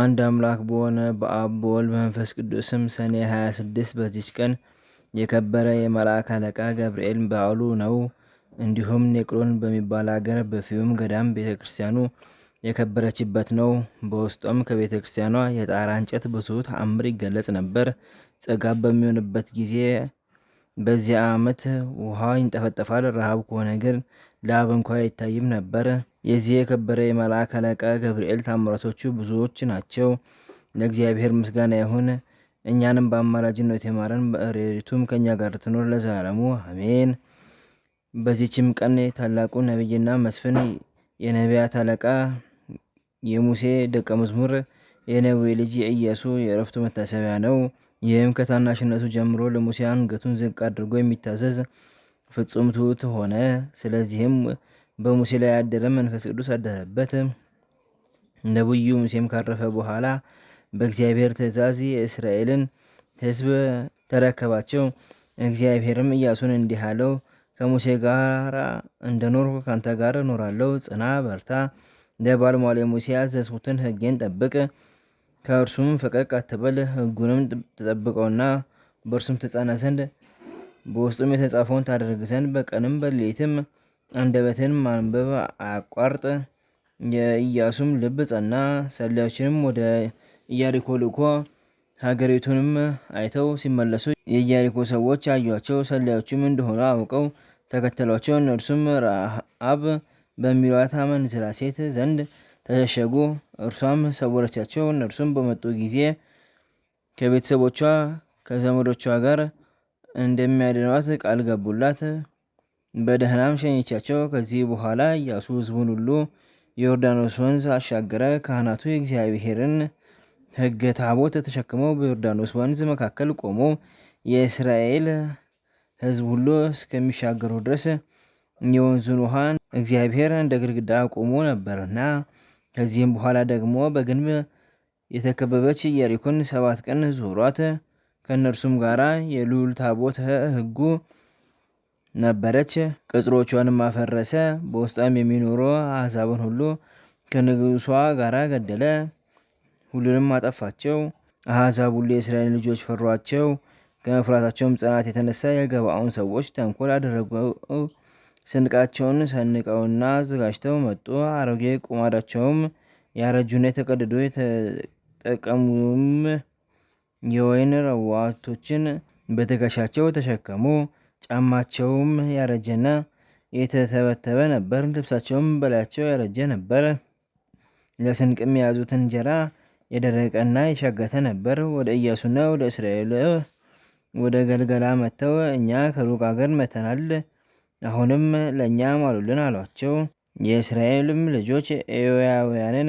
አንድ አምላክ በሆነ በአብ በወልድ በመንፈስ ቅዱስም ሰኔ 26 በዚች ቀን የከበረ የመልአክ አለቃ ገብርኤል በዓሉ ነው። እንዲሁም ኔቅሮን በሚባል አገር በፊዩም ገዳም ቤተ ክርስቲያኑ የከበረችበት ነው። በውስጧም ከቤተ ክርስቲያኗ የጣራ እንጨት ብዙ ተአምር ይገለጽ ነበር። ጸጋ በሚሆንበት ጊዜ በዚያ ዓመት ውሃ ይንጠፈጠፋል። ረሃብ ከሆነ ግን ላብ እንኳ አይታይም ነበር። የዚህ የከበረ የመልአክ አለቃ ገብርኤል ታምራቶቹ ብዙዎች ናቸው። ለእግዚአብሔር ምስጋና ይሁን። እኛንም በአማላጅነት የማረን፣ በረድኤቱም ከእኛ ጋር ትኖር ለዘላለሙ አሜን። በዚችም ቀን ታላቁ ነቢይና መስፍን የነቢያት አለቃ የሙሴ ደቀ መዝሙር የነዌ ልጅ ኢያሱ የእረፍቱ መታሰቢያ ነው። ይህም ከታናሽነቱ ጀምሮ ለሙሴ አንገቱን ዝቅ አድርጎ የሚታዘዝ ፍጹም ትሑት ሆነ። ስለዚህም በሙሴ ላይ ያደረ መንፈስ ቅዱስ አደረበት። ነቢዩ ሙሴም ካረፈ በኋላ በእግዚአብሔር ትእዛዝ የእስራኤልን ሕዝብ ተረከባቸው። እግዚአብሔርም ኢያሱን እንዲህ አለው፣ ከሙሴ ጋር እንደኖርኩ ካንተ ጋር እኖራለሁ። ጽና፣ በርታ፣ ለባለሟል ሙሴ ያዘዝኩትን ሕጌን ጠብቅ ከእርሱም ፈቀቅ አትበል፣ ሕጉንም ትጠብቀውና በእርሱም ትጸና ዘንድ በውስጡም የተጻፈውን ታደርግ ዘንድ በቀንም በሌሊትም አንደበትን ማንበብ አያቋርጥ። የኢያሱም ልብ ጸና። ሰላዮችንም ወደ ኢያሪኮ ልኮ ሀገሪቱንም አይተው ሲመለሱ የኢያሪኮ ሰዎች አዩቸው። ሰላዮችም እንደሆኑ አውቀው ተከተሏቸው። እነርሱም ረአብ በሚሏት አመንዝራ ሴት ዘንድ ተሸሸጉ። እርሷም ሰወረቻቸው። እነርሱም በመጡ ጊዜ ከቤተሰቦቿ ከዘመዶቿ ጋር እንደሚያድኗት ቃል ገቡላት። በደህናም ሸኘቻቸው። ከዚህ በኋላ ኢያሱ ሕዝቡን ሁሉ የዮርዳኖስ ወንዝ አሻገረ። ካህናቱ የእግዚአብሔርን ሕገ ታቦት ተሸክመው በዮርዳኖስ ወንዝ መካከል ቆሞ የእስራኤል ሕዝብ ሁሉ እስከሚሻገሩ ድረስ የወንዙን ውሃን እግዚአብሔር እንደ ግድግዳ ቆሞ ነበርና ከዚህም በኋላ ደግሞ በግንብ የተከበበች ኢያሪኮን ሰባት ቀን ዙሯት፣ ከእነርሱም ጋር የልዑል ታቦተ ሕጉ ነበረች። ቅጽሮቿንም አፈረሰ። በውስጧም የሚኖሩ አሕዛብን ሁሉ ከንጉሷ ጋር ገደለ። ሁሉንም አጠፋቸው። አሕዛብ ሁሉ የእስራኤል ልጆች ፈሯቸው። ከመፍራታቸውም ጽናት የተነሳ የገባዖን ሰዎች ተንኮል አደረጉ። ስንቃቸውን ሰንቀውና አዘጋጅተው መጡ። አሮጌ ቁማዳቸውም ያረጁና የተቀደዱ የተጠቀሙም የወይን ረዋቶችን በትከሻቸው ተሸከሙ። ጫማቸውም ያረጀና የተተበተበ ነበር። ልብሳቸውም በላያቸው ያረጀ ነበር። ለስንቅም የያዙት እንጀራ የደረቀና የሻገተ ነበር። ወደ ኢያሱና ወደ እስራኤል ወደ ገልገላ መጥተው እኛ ከሩቅ አገር መተናል አሁንም ለእኛ ማሉልን አሏቸው። የእስራኤልም ልጆች ኤዊያውያንን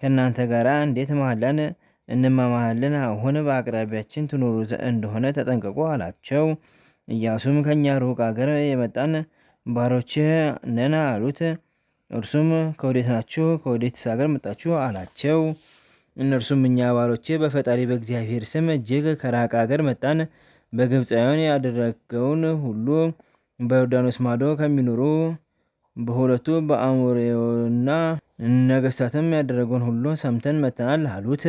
ከእናንተ ጋር እንዴት መሐላን እንማማሃለን? አሁን በአቅራቢያችን ትኖሩ እንደሆነ ተጠንቀቁ አላቸው። ኢያሱም ከእኛ ሩቅ አገር የመጣን ባሮች ነን አሉት። እርሱም ከወዴት ናችሁ? ከወዴትስ አገር መጣችሁ? አላቸው። እነርሱም እኛ ባሮቼ በፈጣሪ በእግዚአብሔር ስም እጅግ ከራቀ አገር መጣን፣ በግብፃውያን ያደረገውን ሁሉ በዮርዳኖስ ማዶ ከሚኖሩ በሁለቱ በአሞሬውና ነገስታትም ያደረገውን ሁሉ ሰምተን መተናል አሉት።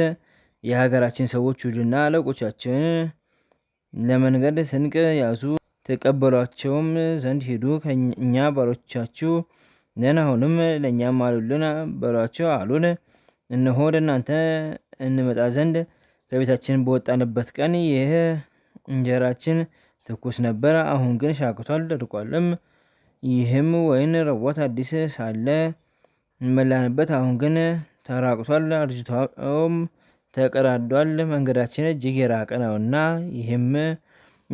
የሀገራችን ሰዎች ውድና አለቆቻችን ለመንገድ ስንቅ ያዙ፣ ተቀበሏቸውም ዘንድ ሄዱ ከእኛ ባሮቻችሁ ነን፣ አሁንም ለእኛም አሉልን በሏቸው አሉን። እነሆ ወደ እናንተ እንመጣ ዘንድ ከቤታችን በወጣንበት ቀን ይህ እንጀራችን ትኩስ ነበረ፣ አሁን ግን ሻክቷል ደርቋልም። ይህም ወይን ርቦት አዲስ ሳለ እንመላንበት፣ አሁን ግን ተራቅቷል፣ አርጅቶም ተቀዳዷል። መንገዳችን እጅግ የራቀ ነውና ይህም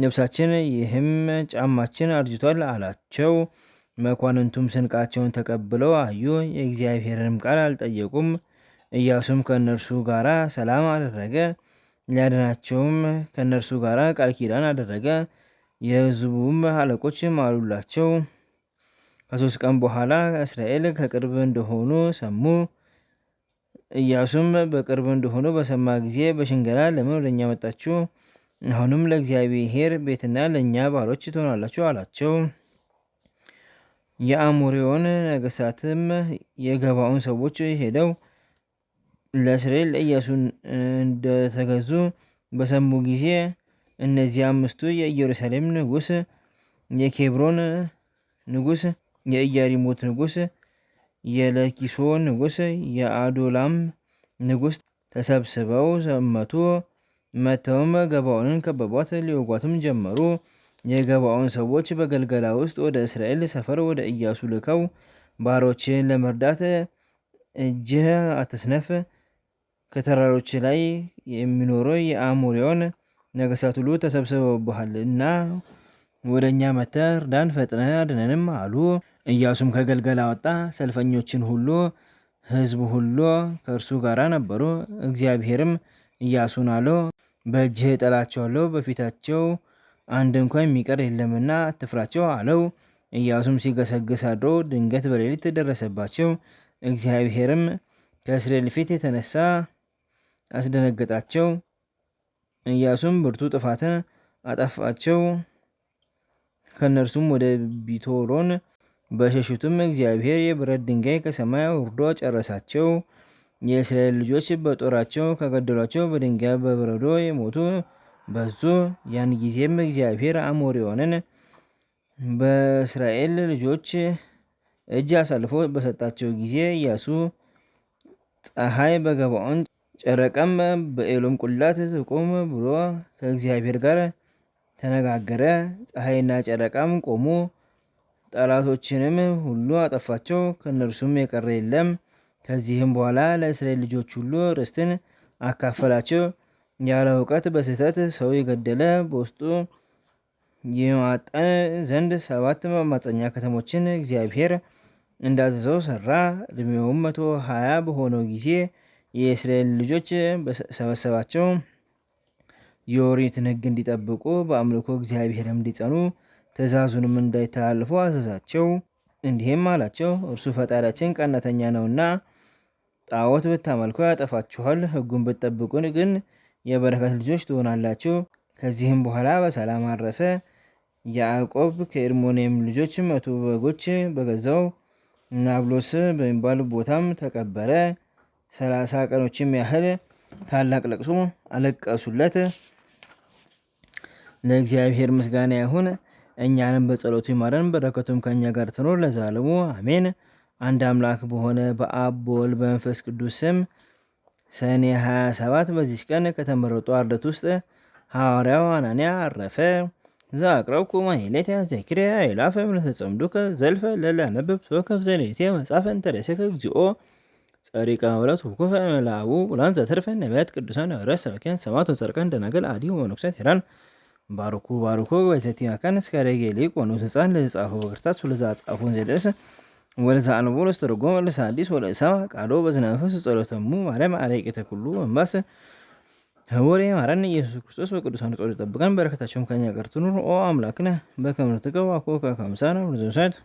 ልብሳችን ይህም ጫማችን አርጅቷል አላቸው። መኳንንቱም ስንቃቸውን ተቀብለው አዩ፣ የእግዚአብሔርንም ቃል አልጠየቁም። እያሱም ከእነርሱ ጋራ ሰላም አደረገ፣ ሊያድናቸውም ከእነርሱ ጋራ ቃል ኪዳን አደረገ። የሕዝቡም አለቆችም አሉላቸው፣ ከሶስት ቀን በኋላ እስራኤል ከቅርብ እንደሆኑ ሰሙ። ኢያሱም በቅርብ እንደሆኑ በሰማ ጊዜ በሽንገላ ለምን ወደ እኛ መጣችሁ? አሁንም ለእግዚአብሔር ቤትና ለእኛ ባሮች ትሆናላችሁ አላቸው። የአሞሬውን ነገስታትም የገባውን ሰዎች ሄደው ለእስራኤል ለኢያሱ እንደተገዙ በሰሙ ጊዜ እነዚህ አምስቱ የኢየሩሳሌም ንጉስ የኬብሮን ንጉስ የኢያሪሞት ንጉስ የለኪሶ ንጉስ የአዶላም ንጉስ ተሰብስበው ሰመቱ። መተውም ገባዖንን ከበቧት፣ ሊወጓትም ጀመሩ። የገባዖን ሰዎች በገልገላ ውስጥ ወደ እስራኤል ሰፈር ወደ ኢያሱ ልከው ባሮችን ለመርዳት እጅህ አትስነፍ፣ ከተራሮች ላይ የሚኖረው የአሞሪውን ነገሥታት ሁሉ ተሰብስበውብሃል እና ወደ እኛ መጥተህ እርዳን፣ ፈጥነ አድነንም አሉ። ኢያሱም ከገልገላ ወጣ፣ ሰልፈኞችን ሁሉ፣ ህዝቡ ሁሉ ከእርሱ ጋር ነበሩ። እግዚአብሔርም ኢያሱን አለው፣ በእጅህ እጥላቸዋለሁ፣ በፊታቸው አንድ እንኳ የሚቀር የለምና አትፍራቸው አለው። ኢያሱም ሲገሰግስ አድሮ ድንገት በሌሊት ደረሰባቸው። እግዚአብሔርም ከእስራኤል ፊት የተነሳ አስደነገጣቸው። ኢያሱም ብርቱ ጥፋትን አጠፋቸው። ከእነርሱም ወደ ቢቶሮን በሸሹትም እግዚአብሔር የብረት ድንጋይ ከሰማይ ወርዶ ጨረሳቸው። የእስራኤል ልጆች በጦራቸው ከገደሏቸው በድንጋይ በበረዶ የሞቱ በዙ። ያን ጊዜም እግዚአብሔር አሞሪዮንን በእስራኤል ልጆች እጅ አሳልፎ በሰጣቸው ጊዜ እያሱ ፀሐይ በገባኦን ጨረቀም በኤሎም ቁላት ትቁም ብሎ ከእግዚአብሔር ጋር ተነጋገረ። ፀሐይና ጨረቃም ቆሙ፣ ጠላቶችንም ሁሉ አጠፋቸው፣ ከእነርሱም የቀረ የለም። ከዚህም በኋላ ለእስራኤል ልጆች ሁሉ ርስትን አካፈላቸው። ያለ እውቀት በስህተት ሰው የገደለ በውስጡ የማጠን ዘንድ ሰባት መማፀኛ ከተሞችን እግዚአብሔር እንዳዘዘው ሰራ። እድሜውም መቶ ሀያ በሆነው ጊዜ የእስራኤል ልጆች በሰበሰባቸው የኦሪትን ሕግ እንዲጠብቁ በአምልኮ እግዚአብሔርም እንዲጸኑ ትእዛዙንም እንዳይተላልፎ አዘዛቸው። እንዲህም አላቸው፣ እርሱ ፈጣሪያችን ቀናተኛ ነውና ጣዖት ብታመልኩ ያጠፋችኋል። ሕጉን ብትጠብቁ ግን የበረከት ልጆች ትሆናላችሁ። ከዚህም በኋላ በሰላም አረፈ። ያዕቆብ ከኤርሞኒየም ልጆች መቶ በጎች በገዛው ናብሎስ በሚባል ቦታም ተቀበረ። ሰላሳ ቀኖችም ያህል ታላቅ ለቅሶ አለቀሱለት። ለእግዚአብሔር ምስጋና ይሁን፣ እኛንም በጸሎቱ ይማረን፣ በረከቱም ከእኛ ጋር ትኖር ለዛለሙ አሜን። አንድ አምላክ በሆነ በአብ በወልድ በመንፈስ ቅዱስ ስም ሰኔ 27 በዚች ቀን ከተመረጡ አርደት ውስጥ ሐዋርያው አናንያ አረፈ። ዘአቅረብኩ ማሕሌተ ዘኪር አእላፈ ምለተጸምዱከ ዘልፈ ለለ አነብብ ሶከፍ ዘሌቴ መጽሐፈ እንተ እግዚኦ ጸሪቀ ሁለት ውኩፈ መላቡ ቁላን ዘተርፈ ነቢያት ቅዱሳን ሐዋርያት ሰበኪያን ሰማዕታት ወጻድቃን ደናግል አዲሁ መነኮሳት ሄራን ባርኩ ባርኩ ወይዘቲ መካን እስከ ረጌሌ ቆኑ ህፃን ለጻፈ በክርታስ ወለዛ ጻፉን ዘደረሰ ወለዛ አንቦ ለስተርጎመ ለሳዲስ ወለእሳባ ቃሎ በዝናፈስ ጸሎተሙ ማርያም አረቂተ ኩሉ ወንባስ ህወሬ ማረን ኢየሱስ ክርስቶስ በቅዱሳን ጸሎት ጠብቀን በረከታቸውም ከኛ ጋር ትኑር። ኦ አምላክነ በከመ ንትቀው አኮ ከከምሳና ወዘውሳት